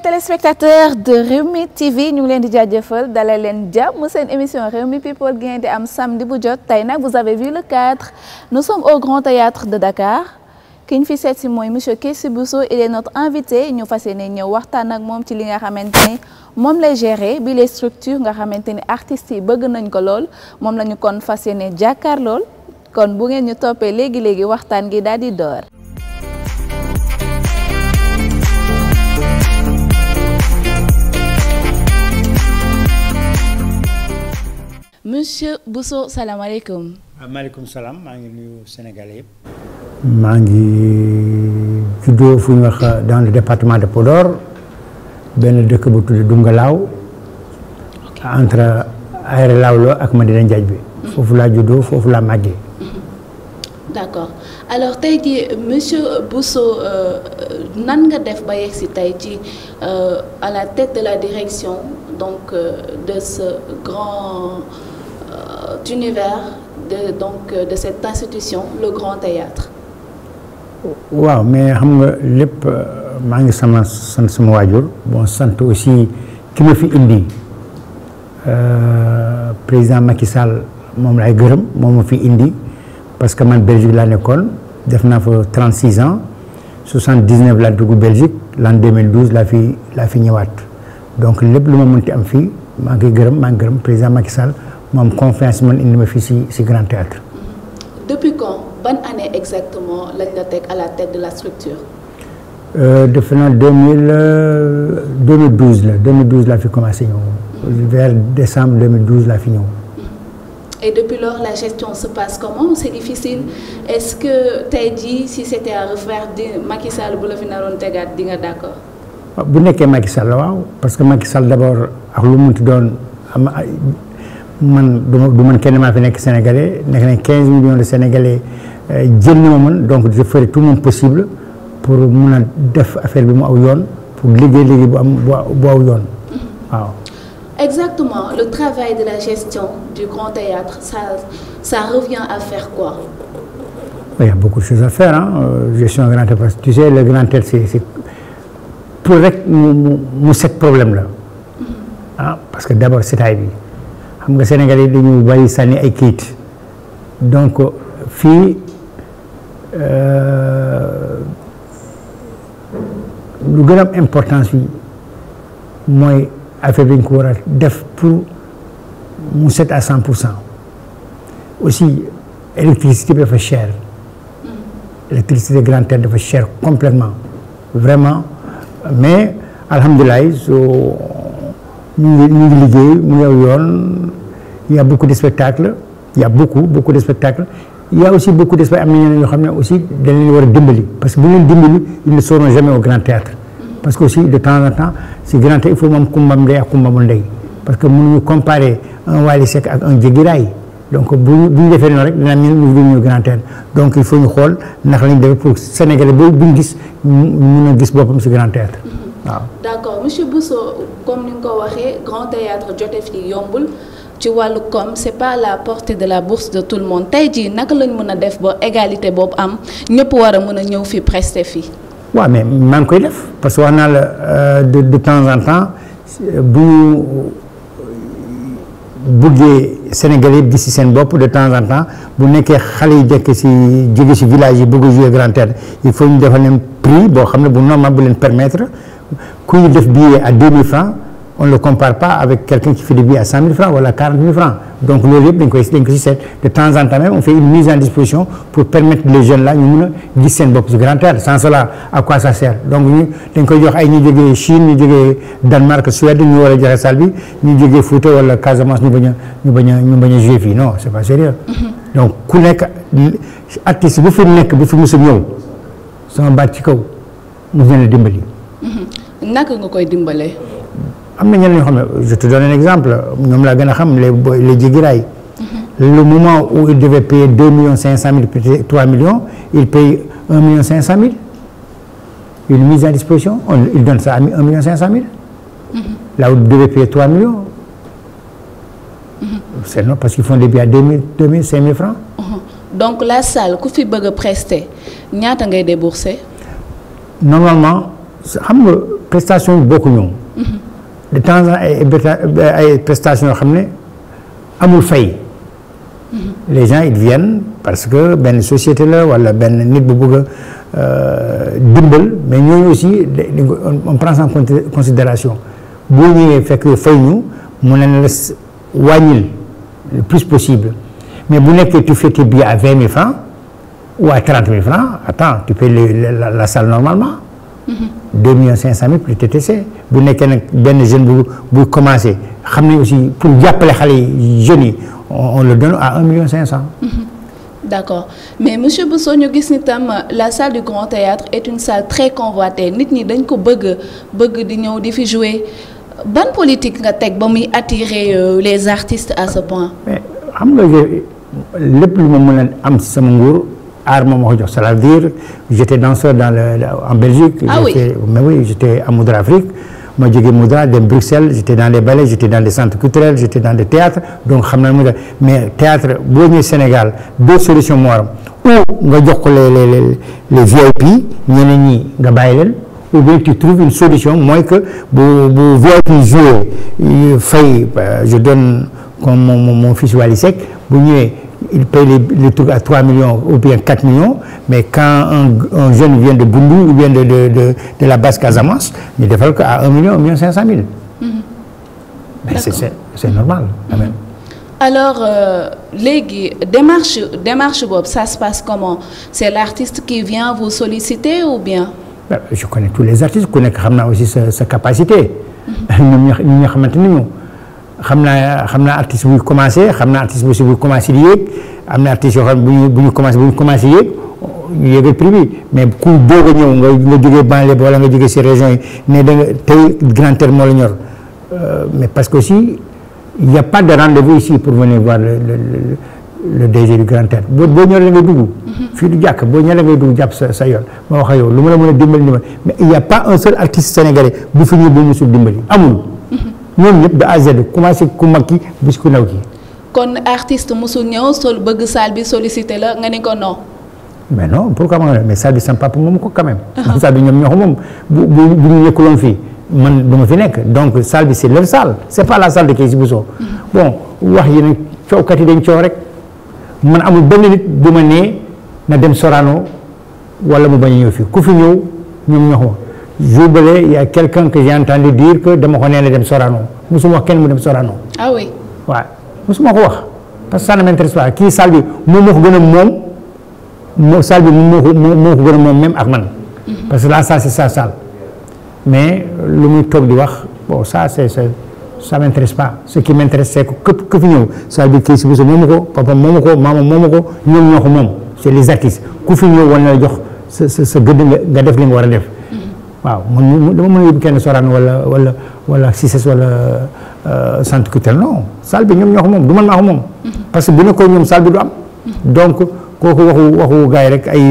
téléspectateurs de Rewmi TV ñu ngi leen di jaajëfal dalal leen jàmm seen émission Rewmi People gi di am samedi bu jot tey nag vous avez vu le cadre nous sommes au Grand Théâtre de Dakar ki ñu fi seet si mooy monsieur Kessy Bousso il est notre invité ñu fas yéene ñëw waxtaan ak moom ci li nga xamante ni moom lay gérer bi les structures nga xamante ni artistes yi bëgg nañ ko lool moom la kon fas yéene jàkkaar lool kon bu ngeen ñu toppee léegi léegi waxtaan gi daal di door. monsieur Bousso salaamaaleykum. Ah, maaleykum salaam maa ngi nuyu Sénégalais yëpp. maa ngi juddoo fu ñu wax dans le de Podor benn dëkk bu tudd Dungalaaw entre Aéré Lawlo ak Madina Njaaj bi. foofu laa juddoo foofu laa màggee. d'accord alors tey jii monsieur Bousso euh, nan nga def ba yegsi tey ci euh, à la tête de la direction donc euh, de ce grand. Euh, de cette institution le Grand Théâtre waaw mais xam nga lépp euh, maa ngi sama sant sama waajur bon sant aussi ki ma fi indi euh, président Macky Sall moom laay gërëm moom ma fi indi parce que man Belgique laa nekkoon def naa fa 36 ans 79 laa dugg Belgique l'an 2012 laa fi laa fi ñëwaat donc lépp lu ma mënti am fii maa ngi gërëm maa ngi gërëm président Macky moom confiance man indi ma fii si si Grand Théâtre depuis quand ban année exactement lañ la teg à la tête de la structure. Euh, defe naa euh, la fi commencé ñëw. Mm-hmm. vers décembre deux laa fi ñëw. Mm-hmm. et depuis lors la gestion se passe comment c'est difficile est-ce que tey jii si c'était à refaire di Macky bu la fi naroon tegaat di d'accord. Ah, bu nekkee Macky Sall waaw parce que Macky Sall d'abord ak lu mu munti doon man du ma man kenn maa fi nekk sénégalais nekk nañ 15 de sénégalais euh, jël man donc je ferai tout mon possible pour mun a def affaire bi mu aw pour liggéey liggéey bu am exactement le travail de la gestion du grand théâtre ça revient à faire quoi. il y beaucoup de choses à faire euh, gestion grand théâtre parce que tu problème la mm-hmm. ah, parce que d'abord setaay bi. xam nga Sénégal yi dañu bari sànni ay kayit donc fii euh, lu gën a am importance bi mooy affaire bi ñu ko war a def pour mu set à cent pour cent aussi électricité bi dafa cher électricité Grande Terre dafa cher complètement vraiment mais alhamdulilah so ñu ngi liggéey mu ngi aw yoon il y a beaucoup de spectacles il y a beaucoup beaucoup de spectacles il y a aussi beaucoup am na ñeneen ñoo xam ne aussi dañ leen war a dimbali parce que bu leen dimbali ils ne seront jamais au grand théâtre parce que aussi de temps en temps si grand théâtre il faut moom kumbam ndey ak kumbamul ndey parce que mënuñu comparer un Wally Seck ak un Jéggi Raay donc bu bu ñu defee noonu rek dinañ ñu ñu grand théâtre donc il faut ñu xool ndax lañ def pour Sénégalais boobu gis mun gis boppam si grand waaw d' accord monsieur Bousso comme ni nga waxee grand théâtre jote fi yombul ci wàllu koom c' pas la portée de la bourse de tout le monde tey jii naka lañ mën a def ba égalité boobu am ñëpp war a mën a ñëw fi prester fii. waaw mais maa koy def parce que wax naa la euh, de de temps en temps bu ñu buggee Sénégal gis si seen bopp de temps en temps bu nekkee xale yi jekk si jóge si village yi bëgg a grand théâtre il faut ñu defal prix boo xam ne bu normal kuy def billet à 2000 francs on ne le compare pas avec quelqu'un qui fait des billets à 100 000 francs wala 40 000 francs donc loolu yëpp dañ koy dañ ko ci seet de temps en temps on fait une mise en disposition pour permettre les jeunes là ñu mën a gis seen bopp ci grand théâtre sans cela à quoi donc ñu dañ koy jox ay ñu jógee Chine ñu jógee Danemark Suède ñu war a joxe salle bi ñu jógee Fouta wala Casamance ñu bañ ñu bañ a ñu bañ a jouer fii non c'est pas sérieux mm-hmm. ku nekk artiste bu fi nekk bu fi mos a ñëw sama baat ci kaw mu gën dimbali naka nga koy dimbale am na ñeneen ñoo xam ne je te donne un exemple ñoom laa gën a xam les boy les jigiraay. Mhm. le moment où il devait payer deux millions cinq cent mille peut-être trois millions il paye un million cinq cent mille une mise à disposition on mille. Mhm. là où il devait payer trois millions. Mhm. c'est non parce qu'ils font des billets à deux mille deux donc la salle ku fi bëgg a ñaata ngay débourser. normalement xam prestation bi bokkuñoo mhm. de temps en ay prestations yoo xam ne amul fay mhm. les gens ils viennent parce que benn société la wala benn nit bu bëgg euh, dimbal mais ñooñu aussi on prend en considération boo ñëwee fekk fay ñu mu ne la wàññil le plus possible mais bu nekkee tu fais bi billets à vingt mille francs ou à trente mille francs attends tu payes la, la, normalement deux millions cinq cent mille plus TTC bu nekkee nag benn jeune bu bu commencé xam ne aussi pour jàppale xale yi jeunes yi on le donne à un million cinq cent d'accord mais monsieur Bousso ñu gis ni tam la salle du Grand Théâtre est une salle très convoitée nit ñi dañ ko bëgg bëgg di ñëw di fi jouer ban politique nga teg ba muy attirer euh, les artistes à ce point mais xam nga lépp lu ma mën a am sama nguur art moo ko jox c'est-à-dire j'étais danseur dans le en Belgique. ah oui mais oui j'étais à Moudra Afrique. ma jógee Moudra dem Bruxelles j'étais dans les ballets j'étais dans les centres culturels j'étais dans les théâtres donc xam naa Moudra mais théâtre boo ñëwee Sénégal deux solutions moo ou nga jox ko les VIP ñeneen nga bàyyi ou bien tu trouves une solution mooy que bu bu VIP joué euh, fay euh, je donne comme mon fils Wally Seck bu ñëwee. il paye les, les, trucs à 3 millions ou bien 4 millions, mais quand un, un jeune vient de Goundou ou bien de, de, de, de la basse Casamance, il ne développe qu'à 1 million, 1 million 500 000. Mm-hmm. C'est normal quand mm-hmm. même. Mm -hmm. alors euh, léegi démarche démarche boobu ça se passe comment c'est l'artiste qui vient vous solliciter ou bien. je connais tous les artistes ku nekk xam naa aussi sa sa capacité. Mm-hmm. ñoom ñoo xamante ni xam naa xam naa artiste buy commencé xam naa artiste bu buy commencé di yéeg am na artiste yoo xam ne bu ñu commencé bu ñu commencé yéeg ñu yéegal prix a ñëw nga jógee banlieue bi wala nga jógee si région yi ne da nga tey Grand Théâtre moo la ñor euh, mais parce que aussi il y a pas de rendez-vous pour venir voir le le le DG du Grand Théâtre boo boo ñoree ngay dugg. Mm-hmm. fii du jàkk boo ñoree ngay dugg jàpp sa sa yoon ma wax yow lu ma la mën a dimbali dimbali mais il y a pas bu fi ñëw ba ñu suuf dimbali amul. ñoom ñëpp de A à Z commencé ku mag ki bis ku ndaw ki. kon artiste mosul ñëw sol bëgg salle bi sollicité la nga ne ko non. mais non pourquoi ma mais salle bi sama papa moom ko quand même. bi ñoom ñoo ko moom bu bu bu ñu nekkuloon fii man du ma fi nekk donc salle bi c' est leur salle c' est pas la salle de Keyz Bousso. Mhm. bon wax yi nag coowkat yi dañ coow rek man amul benn nit bu ma nee na dem Sorano wala mu bañ a ñëw fii ku fi ñëw ñoom ñoo ko jour bële il y a quelqu'un que j'ai entendu dire que dama ko nee na dem Sorano musuma wax kenn mu dem Sorano. ah oui waaw musuma ko wax parce que ça ne kii salle bi moom moo ko gën a moom moo moom moo ko a mhm. mais lu muy toog di wax bon ça c'est ça ça m'intéresse pas ce qui que ñoom ñoo ko moom c'est les artistes ku fi ñëw war na la jox sa sa gëdd nga def li nga war a def. waaw man dama mën a yóbbu kenn Sorano wala wala wala Cissés wala centre euh, culturel non salle bi ñoom ñoo ko moom du man maa ko moom. Mhm. parce que bu nekkoon ñoom salle bi du am. Mhm. donc kooku waxu waxu gars yi rek ay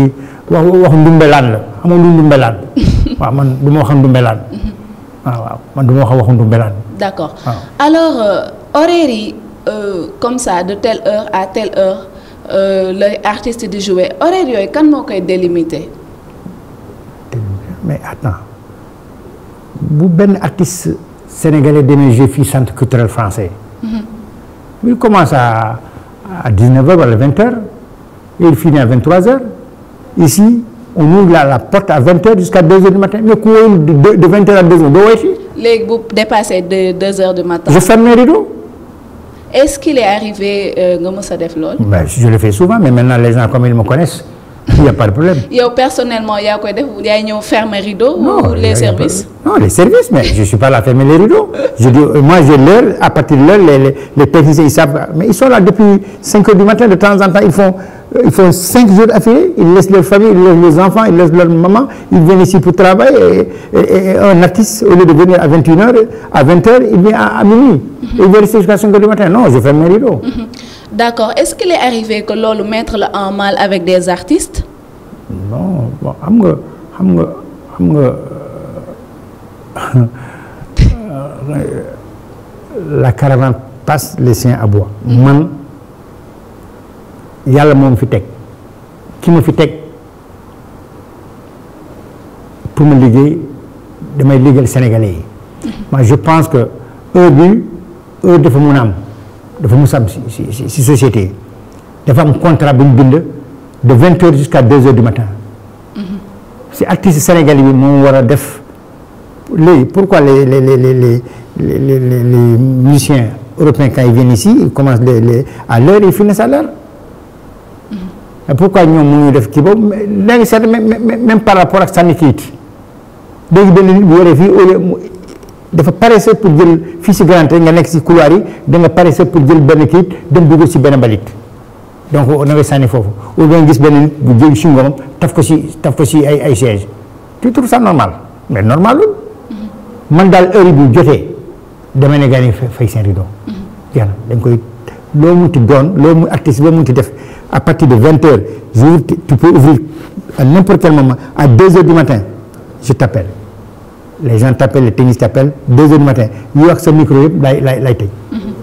waxu waxu ndumbelaan la amoon lu ndumbelaan waaw man du ma wax ndumbelaan mhm. waaw waaw man du ma wax waxu ndumbelaan. d'accord alors euh, horaire yi euh, comme ça de telle heure à telle heure lay artiste di jouer horaire yooyu kan moo koy délimiter. mais attends bu benn artiste sénégalais demee jouer fii centre culturel français. Mhm. il commence à à dix neuf heures wala vingt heures et il finit à vingt trois heures ici on ouvre la la porte à vingt heures jusqu'à deux heures du matin mais ku wóorul de de vingt heures à deux heures de matin. je ferme est-ce qu'il est arrivé euh, nga mës a def lool. je le fais souvent mais maintenant les gens comme ils me connaissent. y a pas de problème. yow personnellement yaa koy def yaay ñëw fermer rideau. non les services. non les services mais je suis pas là à fermer les rideaux. je dis euh, moi je leur à partir de l'heure les les les techniciens ils savent mais ils sont là depuis 5 heures du matin de temps en temps ils font euh, ils font 5 jours d'affilée ils laissent leur famille ils laissent les enfants ils laissent leur maman ils viennent ici pour travailler et, et, et un artiste au lieu de venir à 21 heures à 20 heures il vient à, à minuit. Mm-hmm. il vient rester jusqu'à 5 heures du matin non je ferme mes rideaux. Mm-hmm. d'accord est-ce qu'il est arrivé que loolu mettre la en mal avec des artistes. non bon xam nga xam nga xam nga euh, la caravane passe les siens aboient. Mm-hmm. man yàlla moom fi teg ki ma fi teg pour ma liggéey damay liggéeyal Sénégalais yi. Mm-hmm. moi je pense que heure bi heure dafa mun a am. dafa mu sam si si si société dafa am contrat bi ñu bind de vingt heures jusqu'à deux heures du matin si artiste sénégalais bi moom war a def léegi pourquoi les les les les les les musiciens européens quand ils viennent ici ils commencent les les à l'heure ils finissent à l'heure pourquoi ñoom mënuñu def kii boobu léegi c'est même par rapport ak sànni kayit benn nit bu waree fii dafa paresseux pour jël fii si Grand nga nekk si couloir yi da nga paresseux pour jël benn kii dem dugg si benn mbalit donc na sànni foofu wala da gis benn nit bu jël si ngoom taf ko si taf ko si ay ay siège tu trouves ça normal mais normal mm-hmm. man daal heure bu jotee dama ne gars fay seen rideau yàlla mm-hmm. dañ koy loo munti doon loo mu artiste loo munti def à partir de vingt heures jour tu peux ouvrir à n'importe quel moment à deux heures du matin je t'appelle les gens t'appellent les tennis t'appellent deux heures matin ñu wax sa micro yëpp lay lay lay tëj. Mhm.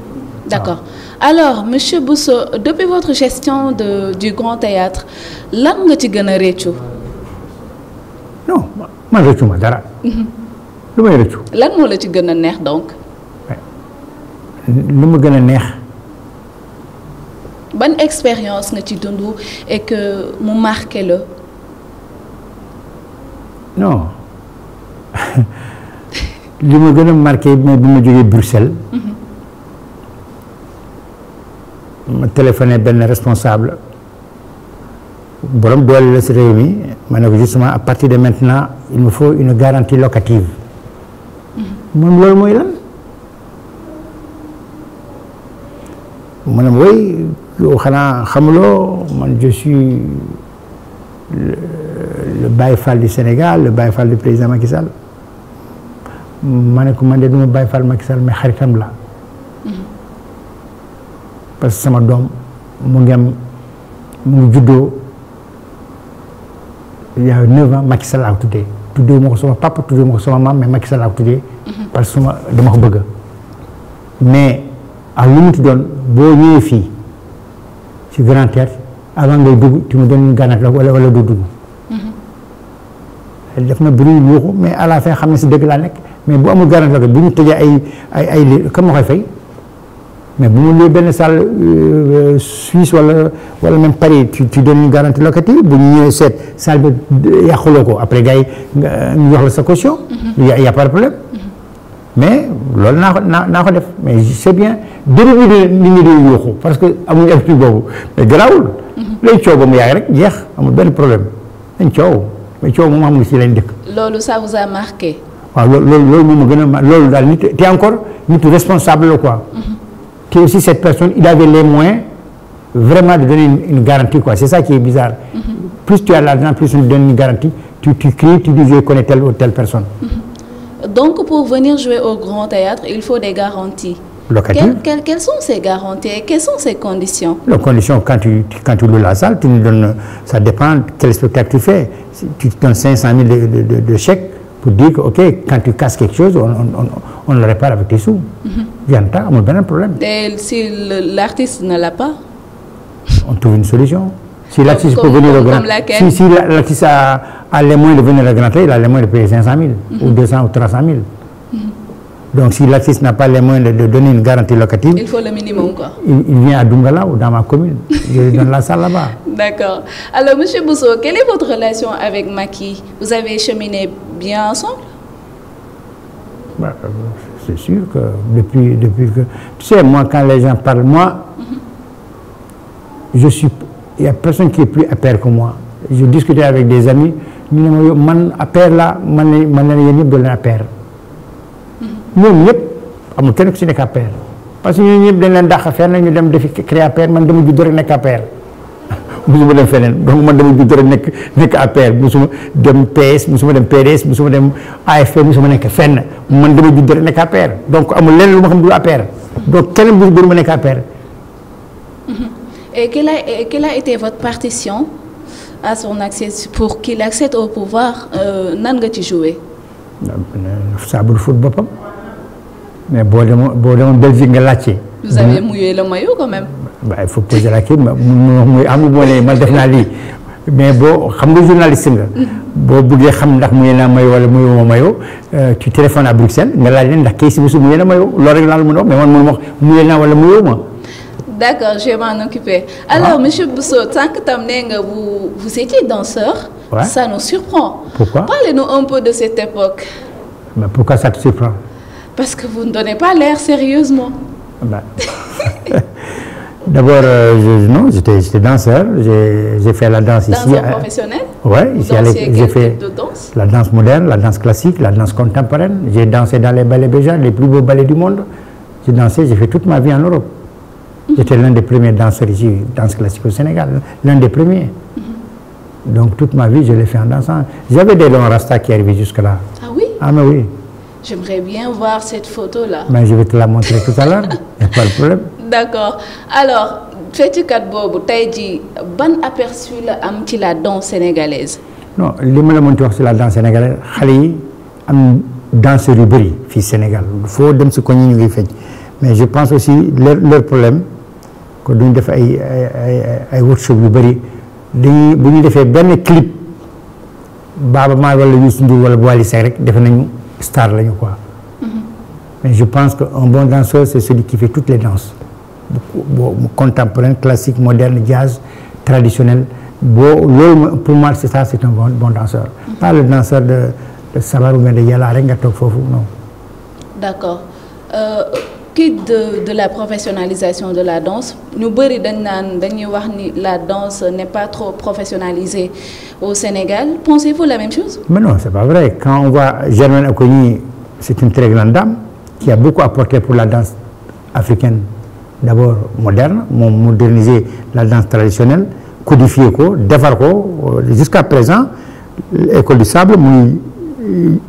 d'accord alors monsieur Bousso depuis votre gestion de du Grand Théâtre lan nga ci gën a réccu. non man réccu ma dara. Mhm. lu may réccu. lan moo la ci gën a neex donc. lu ma gën a neex. ban expérience nga ci dund et que mu marqué la. non. li ma gën a marqué mooy bi ma jógee Bruxelles. Mm-hmm. ma téléphoné benn responsable borom doole la si réew mi ma ne justement à partir de maintenant il me faut une garantie locative. Mm-hmm. moom loolu mooy lan. mu ne ma woy yow xanaa man je suis le Baye Fall du Sénégal le Baye Fall du président Macky ma ne ko man de du ma bàyyi Fall Macky Sall mais xaritam la parce que sama doom mu ngi am mu ngi juddoo yaa neuf ans Macky Sall laa ko tuddee tuddee ma ko sama papa tuddee ma ko sama maam mais Macky laa ko tuddee parce que sama dama ko bëgg mais ak lu mu doon boo ñëwee fii ci Grand Théâtre avant ngay dugg tu mu doon gànnaat la wala wala doo dugg mhm. def na bëri yuuxu mais à la fin xam ne si dëgg laa nekk mais bu amul garantie locataire bu ñu tëjee ay ay ay lii kan ma koy fay mais bu mu luyee benn salle euh, Suisse wala wala même Paris tu tu donnes garantie locative bu ñu ñëwee seet salle bi yàquloo ko après gay yi ñu jox la sa caution. Mhm. y' a pas problème. Mhm. mais loolu naa ko naa naa ko def mais c'est bien dërëb yi de nit ñi di yuuxu parce que amuñu habitude boobu mais garaawul. Mhm. lay coow ba mu yaay rek jeex amul benn problème dañ coow mais coow moom xam nga si lañ dëkk. waaw loolu loolu moom ma gën a ma loolu daal nit te encore nitu responsable la quoi. Mm-hmm. te aussi cette personne il avait les moyens vraiment de donner une, garantie quoi c'est ça qui est bizarre. Mm -hmm. plus tu as l'argent plus on te donne une garantie tu tu crées tu dis je connais telle ou telle personne. Mm-hmm. donc pour venir jouer au grand théâtre il faut des garanties. que, que, quelles sont ces garanties et quelles sont ces conditions. les conditions quand tu quand tu loues la salle tu nous donnes ça dépend quel de de pour dire que ok quand tu casses chose on on on le répare avec tes sous. yantaa mhm. amul beneen problème. te si l'a pas. on trouve une solution. si l'artiste peut venir au Grand si l l'artiste a, a les moyens de venir au Grand Théâtre il a les moyens de payer 500000. Mhm. ou 200 ou 300000. Mhm. donc si l'artiste n'a pas les moyens de, de une garantie locative. il vient à Dungalaw dans ma commune. je donne la salle là D'accord. Alors, Monsieur Bousso, quelle est votre relation avec Maki Vous avez cheminé bien ensemble bah, C'est sûr que depuis, depuis que... Tu sais, quand les gens parlent, moi, mm -hmm. je suis... Il n'y a personne qui est plus à pair que moi. Je discutais avec des amis, ñu ne ma yow man affaire la man la man la yéen ñëpp doon a affaire ñoom ñëpp amul kenn ku si nekk affaire parce que ñooñu ñëpp dañ leen dàq affaire nag ñu dem defi créer affaire man dama judd rek nekk affaire. musuma dem feneen donc man dama judd rek nekk nekk APR musuma dem PS musuma dem PDS musuma dem AFP musuma nekk fenn man dama judd rek nekk APR donc amul leneen lu ma xam du APR donc kenn bu gënu ma nekk APR. Mm-hmm. et quelle a quelle a été votre partition à son accès pour qu'il accède au pouvoir euh, nan nga ci joué. saabu du fóot boppam mais boo demoon boo demoon Belgique nga laajte. vous avez mm-hmm. mouillé le maillot quand même. waaw il faut poser la question muy am bu ma nee man def naa lii mais boo xam nga journaliste nga. Mm-hmm. boo bëggee xam ndax mu yéen a mayoo wala mu ma mayoo ci euh, téléphone à Bruxelles nga laaj leen ndax kay si musu mu yéen a mayoo loolu rek laa la mën a wax mais man mënuma wax mu yéen a wala muyoo ma. D'accord, je vais m'en occuper. Alors, M. Ah. Monsieur Bousso, tant que Tamneng, vous, vous étiez danseur, ouais. ça nous surprend. Pourquoi Parlez-nous un peu de cette époque. Ben, pourquoi ça te surprend Parce que vous ne D'abord, euh, non, j'étais danseur. J'ai fait la danse danseur ici. Danseur professionnel Oui, ici. J'ai fait de danse la danse moderne, la danse classique, la danse contemporaine. J'ai dansé dans les ballets Béja, les plus beaux ballets du monde. J'ai dansé, j'ai fait toute ma vie en Europe. Mm -hmm. J'étais l'un des premiers danseurs ici, danse classique au Sénégal, l'un des premiers. Mm -hmm. Donc toute ma vie, je l'ai fait en dansant. J'avais des longs rastas qui arrivaient jusque-là. Ah oui Ah mais oui. J'aimerais bien voir cette photo-là. Mais je vais te la montrer tout à l'heure, il n'y a pas de problème. d'accord alors fecckat boobu tey ci ban aperçu la am ci la danse sénégalaise. non li ma la mënti wax ci la danse sénégalaise xale yi am danseurs yu bëri fii Sénégal foo dem si koñ yi ñu ngi fecc mais je pense aussi leur leur problème que duñ def ay ay ay workshop yu bëri dañuy bu ñu defee benn clip Baaba Maal wala Youssou Ndour wala Wally Seck rek defe nañu star lañu quoi. Mm-hmm. mais je pense que un bon danseur c'est celui qui fait toutes les danses. bu classique moderne jazz traditionnel pour moi c'est ça c'est un bon danseur. pas le danseur de de sabar ou bien de yàlla rek nga toog non. d'accord euh, de la professionnalisation de la danse ñu bëri wax ni la danse n'est pas trop professionnalisée au Sénégal pensez-vous la même chose. mais non c'est pas vrai quand on voit Germaine Acogny c'est une très grande dame qui a beaucoup apporté pour la danse africaine. d'abord moderne moom moderniser la danse traditionnelle codifier ko defar ko jusqu'à présent école du sable muy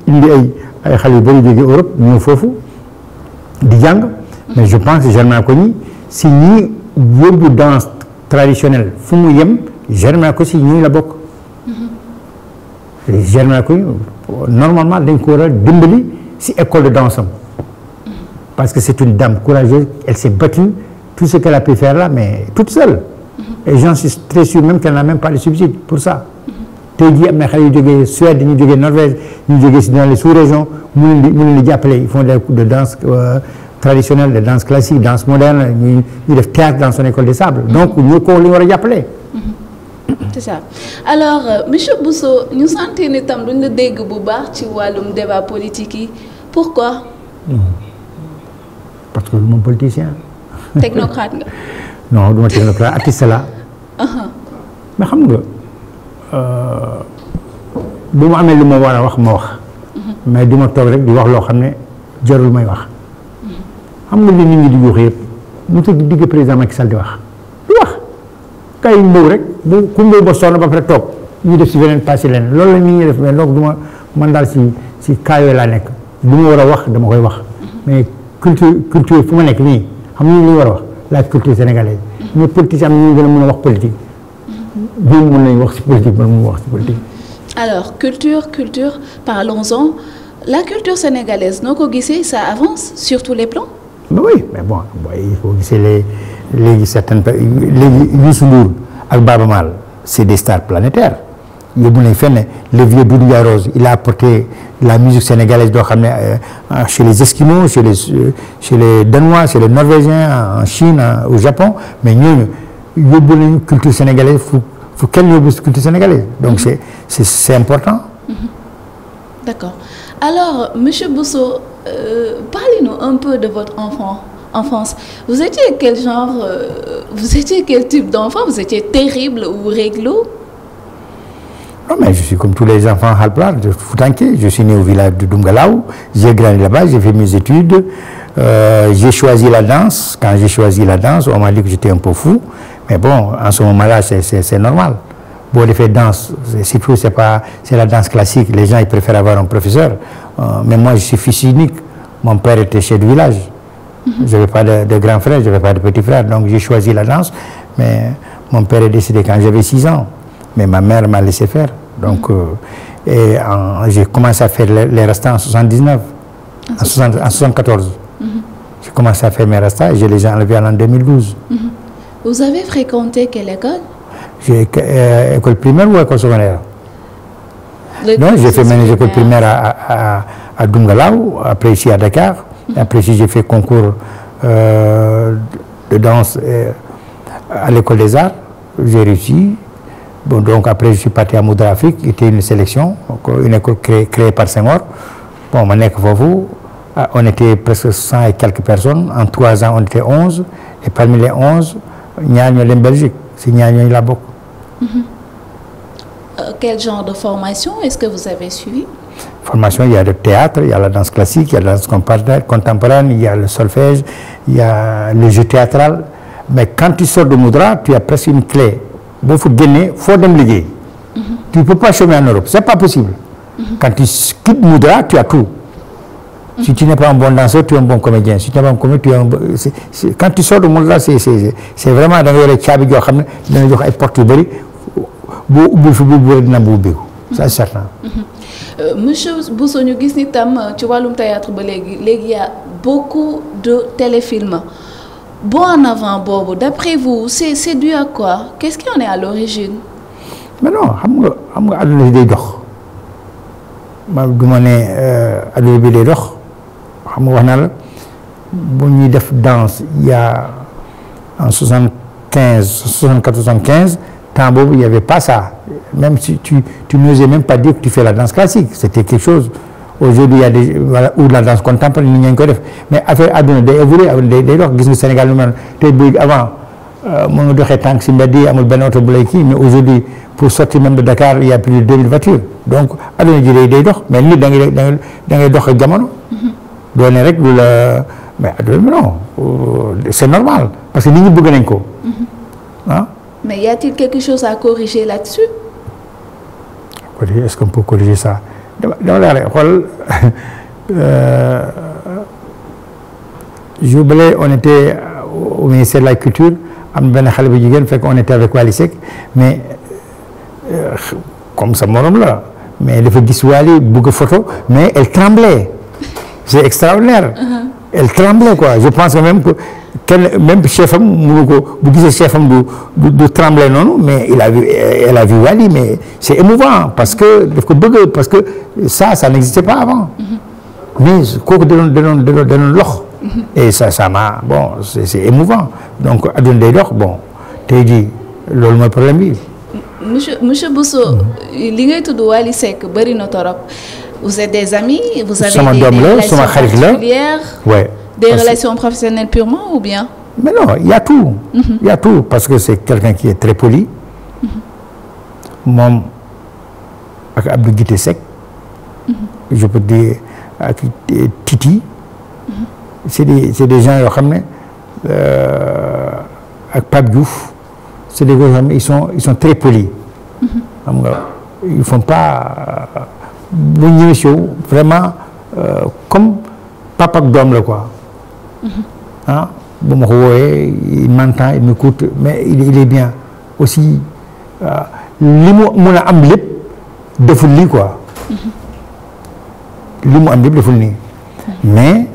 indi ay ay xale yu bari jóge Europe ñëw foofu di jàng mais je pense Germain Coly si ñi yóbbu danse traditionnelle fu mu yem Germain Coly si ñuy la bokk mm-hmm. Germain Coly normalement dañ ko war a dimbali si école de danse parce que c'est une dame courageuse, elle s'est battue, tout ce qu'elle a pu faire là, mais toute seule. Mhm. et j'en très sûr même qu'elle n'a même pas les subsides pour ça. Mhm. tey jii am na xale Suède ñu jógee Norvège ñu jógee si dans les sous-régions mu leen di mu leen de danse euh, traditionnelle de danse classique danse moderne ñu ñu def théâtre dans son école des sables. Mhm. donc ñoo ko li euh, monsieur Bousso ñu sentir ni tam duñ la dégg bu parce que lu ma politicien. technocrate nga. non du ma technocrate artiste la. Uh-huh. xam nga euh, bu ma amee lu ma war a wax ma wax. Uh-huh. mais du ma toog rek di wax loo xam ne jarul may wax. Uh-huh. xam nga li nit ñi di wax yëpp mosul di président Macky Sall di wax di wax rek bu ku mbëw ba ba pare toog ñu def si beneen passé leen loolu la nit ñi def mais donc du man daal si si kaayoo laa nekk lu ma war a wax dama koy wax culture culture fu ma nekk nii xam nga li war a la culture sénégalaise mais politique am ñu gën a mën a wax politique ñoom mën nañu wax si politique mën mu wax si politique. alors culture culture parlons-en la culture sénégalaise noo ko gisee ça avance sur tous les plans. Bah oui mais bon il faut gisee les léegi certaines léegi Youssou des stars planétaires. yóbbu nañ fenn le vieux Rose il a apporté la musique sénégalaise doo xam ne euh, euh, chez les Esquimaux chez les euh, les Danois chez les Norvégiens en Chine au Japon mais ñooñu yóbbu nañu culture sénégalaise fu fu kenn culture sénégalaise donc mm-hmm. c'est c'est c'est important. Mm-hmm. d'accord alors monsieur Bousso vous étiez quel genre vous étiez quel type d'enfant vous étiez terrible ou réglo Non, mais je suis comme tous les enfants Halplar de Foutanké. Je suis né au village de Dungalaou. J'ai grandi là-bas, j'ai fait mes études. Euh, j'ai choisi la danse. Quand j'ai choisi la danse, on m'a dit que j'étais un peu fou. Mais bon, en ce moment-là, c'est normal. Pour les faire danse, surtout, c'est pas, c'est la danse classique. Les gens, ils préfèrent avoir un professeur. Euh, mais moi, je suis fils unique. Mon père était chef de village. Mm -hmm. Je n'avais pas de, de grand frère, je n'avais pas de petit frère. Donc, j'ai choisi la danse. Mais mon père est décédé quand j'avais 6 ans. mais ma mère m'a laissé faire donc mm. euh, et en j'ai commencé à faire les restas en 79 ah, en 60 en 74 mm-hmm. j'ai commencé à faire mes restas et je les ai enlevés en 2012 mm-hmm. vous avez fréquenté quelle école j'ai euh, école primaire ou école secondaire le non j'ai fait mes écoles primaires à à à Dungalaw après ici à Dakar mm -hmm. après ici j'ai fait concours euh, de danse euh, à l'école des arts j'ai réussi Bon, donc après je suis parti à Moudrafrique était une sélection une école créée, par Senghor bon ma nekk foofu ah, on était presque cent et quelques personnes en trois ans on était onze et parmi les onze ñaar ñoo dem si ñaar ñooñu la bokk. Mm-hmm. Euh, quel genre de formation est-ce que vous avez suivi? formation il y a le théâtre il y a la danse classique il y la danse contemporaine le solfège le jeu théâtral mais quand tu sors de Moudra tu as presque une clé. boo fa génnee foo dem liggéey. tu ne peux pas chômer en Europe c'est pas possible. Mm-hmm. quand tu quittes Moudra tu as tout. si tu n'es pas un bon danseur tu es bon comédien si tu n'es pas un comédien tu es tu sors de Moudra c'est c'est c'est vraiment da nga yore caabi xam ne dana jox ay porte yu bëri boo ubbi fi bu bëri dina bu ubbeeku. ça c'est certain. Mm-hmm. Euh, monsieur Bousso ñu gis ni tam euh, ci wàllum théâtre ba léegi léegi y a beaucoup de téléfilms. bon en avant boobu d'après vous c'est c'est à quoi qu'est-ce qui en est à l'origine mais non xam nga xam nga àdduna bi day dox man du ma ne euh, àdduna bi dox xam nga wax naa la bu ñuy def danse il y a en soixante quinze soixante quatre soixante quinze temps boobu il y avait pas ça même si tu tu n'osais même pas dire que tu fais la danse classique c'était quelque chose aujourd'hui il y a des voilà ou la danse day évoluer day day dox gis nga Sénégal lu mel tey bu avant euh, mu ngi doxee tànk si mbedd yi amul ben oto bu lay kii mais aujourd'hui pour sortir même de Dakar il plus de 2000 voitures donc àdduna ji day day dox mais nit da ngay da ngay dox ak jamono. Mm-hmm. rek lu la mais àdduna non euh, c'est normal parce que nit ñi bëgg nañ ko. Mm-hmm. Ah? mais y a-t-il quelque chose à corriger là-dessus. est-ce qu'on peut corriger ça. dama dama la wax xool jour bële on était au ministère de la culture am benn xale bu jigéen fekk on était avec Wally Seck mais euh, comme sa morom la mais dafa gis Wally bugg photo mais elle tremblait c'est extraordinaire. Uh-huh. elle tremblait quoi je pense que même que kenn même chef am mënu ko bu gisee chef am du du du tremblé noonu mais il a vu elle a vu Wally mais c'est émouvant parce que daf ko bëgg parce que ça ça n'existait pas avant mm-hmm. mais kooku da doon da doon da doon lox mm-hmm. et ça ça m'a bon c'est c'est émouvant donc adduna day dox bon tey jii loolu mooy problème bi. monsieur monsieur Bousso mm-hmm. li ngay tudd Wally Seck bari na torop vous êtes des amis des relations professionnelles purement ou bien mais non il y a tout mhm. il parce que c'est quelqu'un qui est très poli mhm. moom ak Abdou Guité mhm. je peux dire Titi c'est des gens yoo xam ne euh, ak Pape Diouf c'est des gens yoo xam très polis ils font pas bu ñëwee si vraiment euh, comme papa ak doom la quoi. Mm-hmm. ah bu ma ko wooyee il m'entend il m'écoute mais il est bien aussi euh, li mu mun a am lépp deful lii quoi. Mm-hmm. li mu am lépp deful nii. Mm-hmm. mais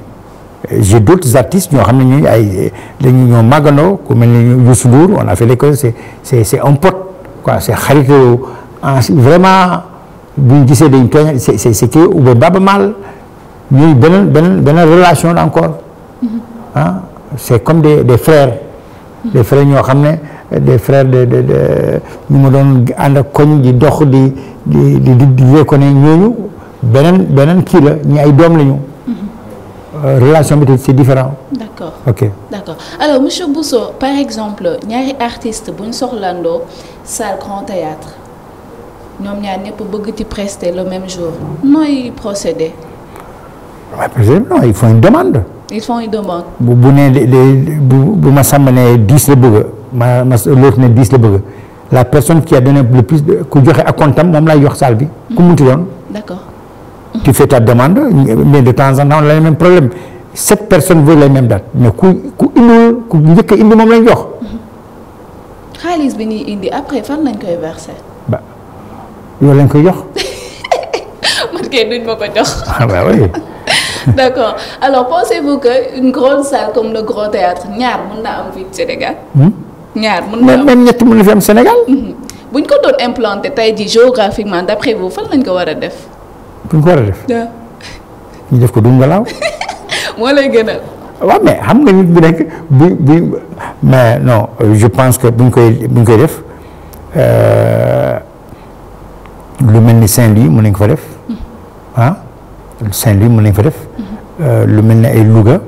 j'ai d'autres artistes ñoo xam ne ñu ay dañu ñoo màggandoo ku mel ni Youssou Ndour on a fait l'école c'est c'est un pote quoi c'est xarit ah, en vraiment. bu ñu gisee dañ tooñ c'est c'est que ou bien Baba Maal ñuy beneen beneen beneen relation encore mm-hmm. ah c'est comme des des frères. Mm-hmm. des frères ñoo xam ne des frères de de de ñu ma doon ànd ak koñ di dox di di di di wékko ne ñooñu beneen beneen kii la ñi ay doom lañu. Mm-hmm. Euh, relation bi c'est différent. d'accord ok d'accord alors monsieur Bousso par exemple ñaari artistes bu ñu soxlandoo salle grand théâtre ñoom ñaar ñëpp bëgg ci prester le même jour nooy procéder. waaw président non ils font une demande. ils font une demande. bu bu nee bu ma sàmm ne dix la bëgg ma ma l'autre ne dix la bëgg la personne qui a donné le plus ku joxe ak comptam moom lay jox salle bi. ku mu munti doon. d'accord. tu fais ta demande mais de temps en temps la même problème sept personnes veulent les mêmes dates mais ku ku indi ku njëkk indi moom lañ jox. xaalis bi ñuy indi après fan lañ koy verser. yow lañ koy jox. man kay duñ ma ko jox. ah bah oui. d'accord alors pensez salle comme le Grand Théâtre ñaar mën naa am fii Sénégal. Hmm? ñaar mën naa am même ñett na fi am Sénégal. Mhm. bu ko doon implanté tey jii géographiquement d'après vous fan lañ ko war a def. buñ ko war a def. Ah. ñu def ko Dungalaaw. moo lay gënal. waaw mais xam nga nit bu nekk je pense que buñ koy buñ koy def. Euh, lu mel ni Saint-Louis mën nañ ko fa def ah Saint-Louis mën nañ fa def euh, lu mel ni ay Louga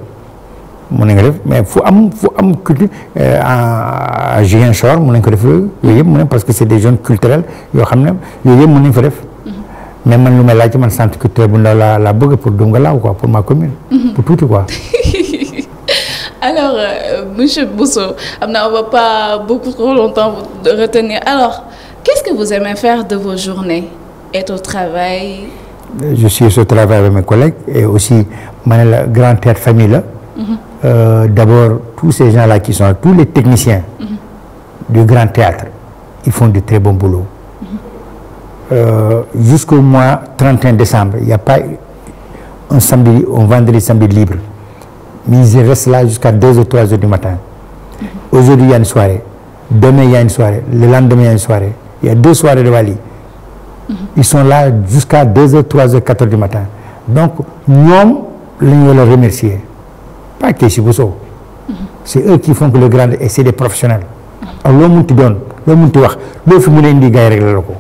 mën nañ ko def mais fu am fu am culture euh, à Ziguinchor mën nañ ko def yooyu yëpp mën parce que c'est des zones culturelles yoo xam ne yooyu yëpp mën nañ fa def mais man lu may laaj man sant culturel bu ndaw laa laa bëgg pour Dungalaaw quoi pour ma commune. Mhm. pour tuuti quoi. alors euh, monsieur am naa on va pas beaucoup longtemps retenir Qu'est-ce que vous aimez faire de vos journées Être au travail euh, Je suis au travail avec mes collègues et aussi ma la grande famille la Mm -hmm. euh, D'abord, tous ces gens-là qui sont, tous les techniciens mm-hmm. du grand théâtre, ils font du très bon boulot. Mm -hmm. euh, Jusqu'au mois décembre, il n'y a pas un samedi, un vendredi, samedi libre. Mais ils restent là jusqu'à 2 ou 3 heures du matin. Mm-hmm. Aujourd'hui, il a une soirée. Demain, il a une soirée. Il y a de Wally. Ils sont là jusqu'à 2h, 3h, 4 du matin. Donc ñoom la ñu la remercier pas Keysi Bousso. c'est eux qui font que le grand et c'est des professionnels. ak loo munti doon loo munti wax loo fi mën a indi gars yi rek ko.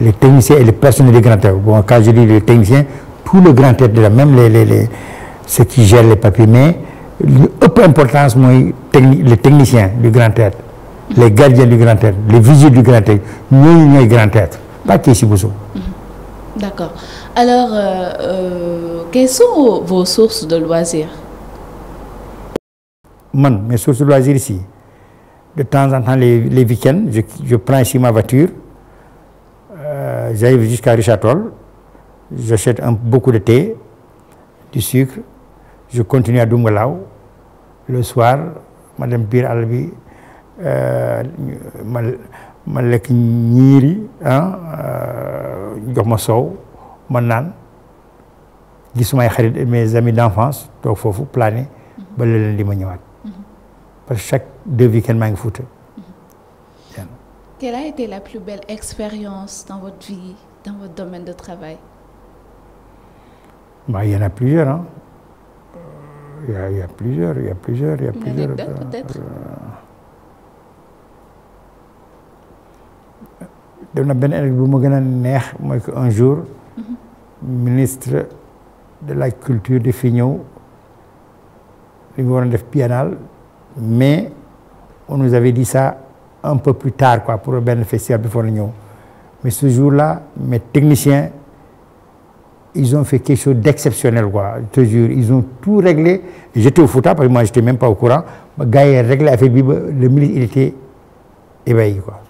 les techniciens et les personnels du grand théâtre bon quand je dis les techniciens tout le grand théâtre de la même les les les ceux qui gèrent les papiers mais ëpp importance mooy techni les techniciens du grand théâtre les gardiens du Grand Théâtre les vigiles du Grand Théâtre ñooñu ñooy Grand Théâtre pas Keïsi Bousso. Mhm. d'accord alors euh, euh, quelles sont vos sources de loisirs. man mes sources de loisirs ici de temps en temps les les week-ends je je prends ici ma voiture euh, j'arrive jusqu'à Richard Toll j'achète un beaucoup de thé du sucre je continue à Dungalaw le soir ma dem biir Euh, ma ma lekk ñiiri ah euh, jox ma soow ma naan gis sumay xarit mes amis d'enfance toog foofu plané ba leneen di ma ñëwaat parce que chaque deux week maa ngi Fouta. Quelle a été la plus belle expérience dans votre vie, dans votre domaine de travail? Bah, il y en a plusieurs hein. Euh, il y a, il y a plusieurs, il y a plusieurs, il y a plusieurs. Anecdote, peut-être? Euh... dem na benn élection bu ma gën a neex mooy que un jour ministre de la culture di fi ñëw li nga waroon def mais on nous avait dit ça un peu plus tard quoi pour benn festival bi foog na ñëw mais ce jour-là mes technicien ils ont fait quelque chose d'exceptionnel quoi je te jure ils ont tout réglé j'étais au Fouta parce que moi j'étais même pas au courant ba gars yi réglé affaire bi ba le ministre il était ébahi quoi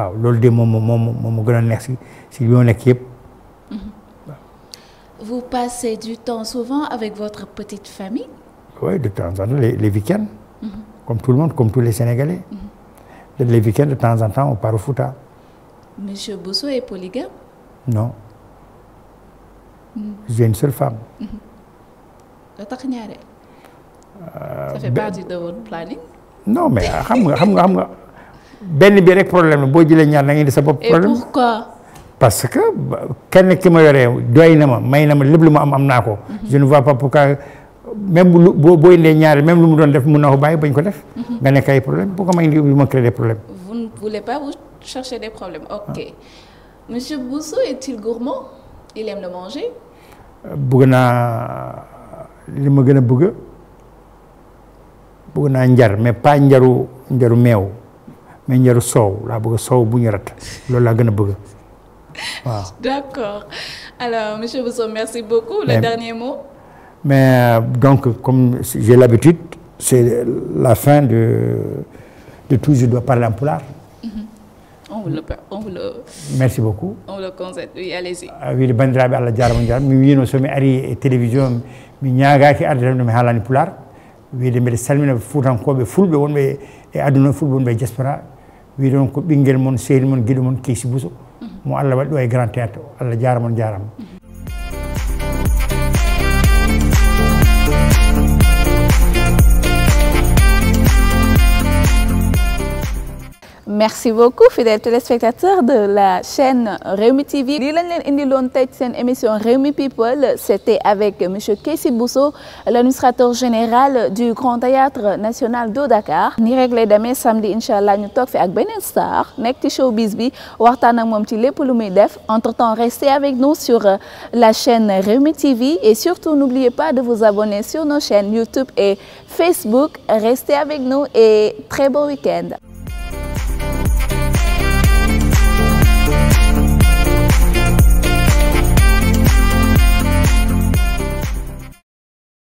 waaw loolu de moom moom moom mu gën a neex si si li ma nekk yëpp. vous passez du temps souvent avec votre petite famille. de temps en temps les les mm-hmm. comme tout le monde comme tous les Sénégalais. Mm-hmm. les week de temps en temps on part au monsieur Bousso est polygame. non. Mm -hmm. une seule femme. da mm-hmm. tax ñaareel. Euh, ça non mais xam nga xam benn bi rek problème la boo jëlee ñaar na nga indi sa bopp problème. parce que kenn ki ma yoree doy na ma may na ma lépp lu ma am am naa ko. Mhm. je ne vois pas pourquoi même lu boo boo indee ñaari même lu mu doon def mun na ko bàyyi bañ ko def. Mhm. nga nekk ay problème ko ma indi lu ma créé des problèmes. vous ne des problèmes ah. bëgg naa li ma gën a bugg bëgg naa njar mais pas njaru njaru meew. mais ñeru soow laa bëgg soow bu ñu loolu laa gën a bëgg waaw. d'accord alors merci beaucoup. le dernier mot. mais euh, donc comme j'ai l'habitude c'est la fin de de tout je parler en pulaar. Mm-hmm. on vous le on vous le. merci beaucoup. on vous le conseille oui allez-y. wiide ah mi wiino ari e télévision mi ñaagaaki arde tan no mi haalani pulaar wiide mbiɗa salmina fuutankooɓe fulɓe wonɓe e aduna fulɓe wonɓe e diaspora wi ɗon ko ɓinngel mon seeri mon giɗo mon kiisi buso mhm. mo allah waɗi ɗo e grand théâtre allah jaara mon jaarama mhm. merci beaucoup fidèles téléspectateurs de la chaîne Rewmi TV lii lañ leen indiloon tey seen émission Rewmi People c'était avec monsieur Keïsi Bousso l'administrateur général du Grand Théâtre National de Dakar nii rek lay demee samedi incha allah ñu toog ak beneen star nekk ci showbiz bi waxtaan ak moom ci lépp lu muy def entre temps restez avec nous sur la chaîne Rewmi TV et surtout n'oubliez pas de vous abonner sur nos chaînes YouTube et Facebook restez avec nous et très bon